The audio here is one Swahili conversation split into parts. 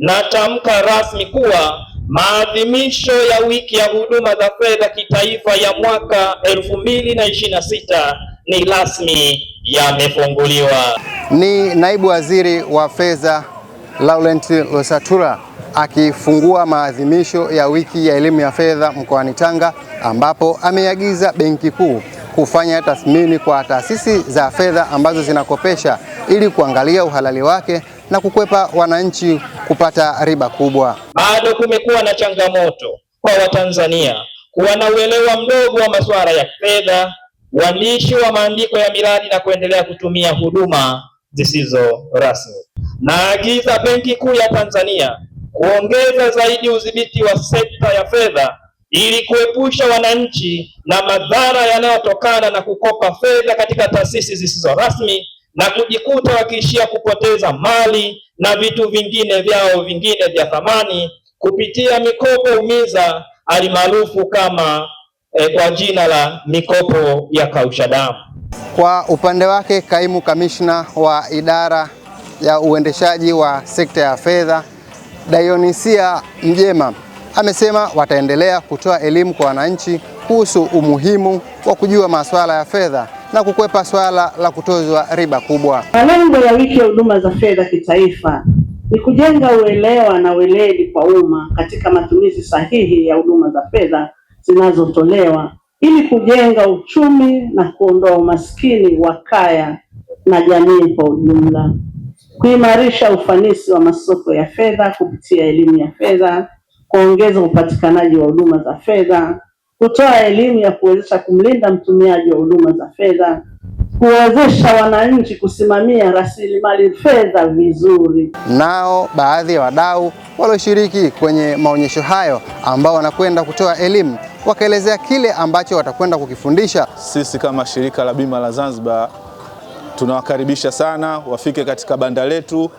Natamka rasmi kuwa maadhimisho ya wiki ya huduma za fedha kitaifa ya mwaka 2026 ni rasmi yamefunguliwa. Ni naibu waziri wa fedha Laurent losatura akifungua maadhimisho ya wiki ya elimu ya fedha mkoani Tanga, ambapo ameagiza Benki Kuu kufanya tathmini kwa taasisi za fedha ambazo zinakopesha ili kuangalia uhalali wake na kukwepa wananchi kupata riba kubwa. Bado kumekuwa na changamoto kwa Watanzania kuwa na uelewa mdogo wa masuala ya fedha, uandishi wa maandiko ya miradi na kuendelea kutumia huduma zisizo rasmi. Naagiza Benki Kuu ya Tanzania kuongeza zaidi udhibiti wa sekta ya fedha ili kuepusha wananchi na madhara yanayotokana na kukopa fedha katika taasisi zisizo rasmi na kujikuta wakiishia kupoteza mali na vitu vingine vyao vingine vya thamani kupitia mikopo umiza alimaarufu kama eh, kwa jina la mikopo ya kausha damu. Kwa upande wake, kaimu kamishna wa idara ya uendeshaji wa sekta ya fedha Dionisia Mjema amesema wataendelea kutoa elimu kwa wananchi kuhusu umuhimu wa kujua masuala ya fedha na kukwepa swala la kutozwa riba kubwa. Malengo ya wiki ya huduma za fedha kitaifa ni kujenga uelewa na weledi kwa umma katika matumizi sahihi ya huduma za fedha zinazotolewa ili kujenga uchumi na kuondoa umaskini wa kaya na jamii kwa ujumla, kuimarisha ufanisi wa masoko ya fedha kupitia elimu ya fedha kuongeza upatikanaji wa huduma za fedha, kutoa elimu ya kuwezesha kumlinda mtumiaji wa huduma za fedha, kuwezesha wananchi kusimamia rasilimali fedha vizuri. Nao baadhi ya wadau walioshiriki kwenye maonyesho hayo ambao wanakwenda kutoa elimu wakaelezea kile ambacho watakwenda kukifundisha. Sisi kama shirika la bima la Zanzibar tunawakaribisha sana wafike katika banda letu.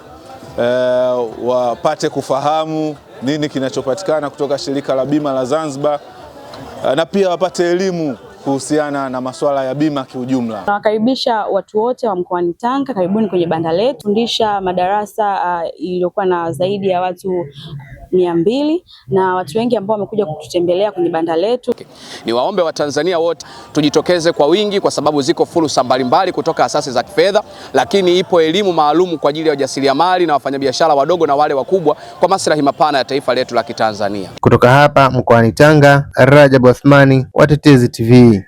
Eh, wapate kufahamu nini kinachopatikana kutoka shirika la bima la Zanzibar eh, na pia wapate elimu kuhusiana na masuala ya bima kiujumla. Nawakaribisha watu wote wa mkoani Tanga, karibuni kwenye banda letu fundisha madarasa uh, iliyokuwa na zaidi ya watu mia mbili na watu wengi ambao wamekuja kututembelea kwenye banda letu. Ni waombe Watanzania wote tujitokeze kwa wingi, kwa sababu ziko fursa mbalimbali kutoka asasi za kifedha, lakini ipo elimu maalum kwa ajili ya wajasiriamali na wafanyabiashara wadogo na wale wakubwa kwa maslahi mapana ya taifa letu la Kitanzania. Kutoka hapa mkoani Tanga, Rajabu Athmani, Watetezi TV.